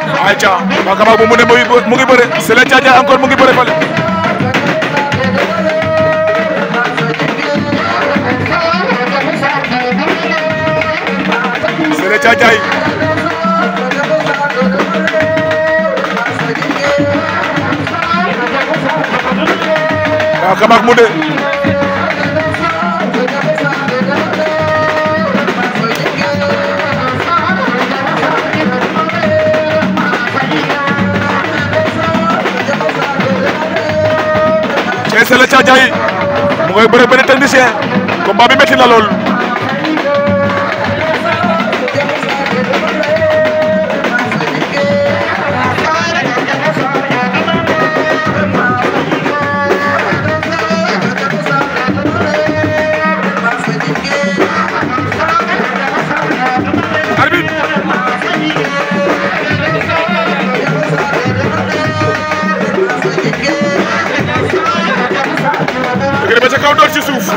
ayca waa Kaba bu mu ne mu ngi bëre Sélé Diadia encore mu ngi bëre fale Sélé Diadia yi waa Kaba mu de. Fessé la Thiadiaye mu ngay bëre benn technicien combat bi métti na lool kaw door ci suuf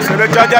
c'est le Jajaay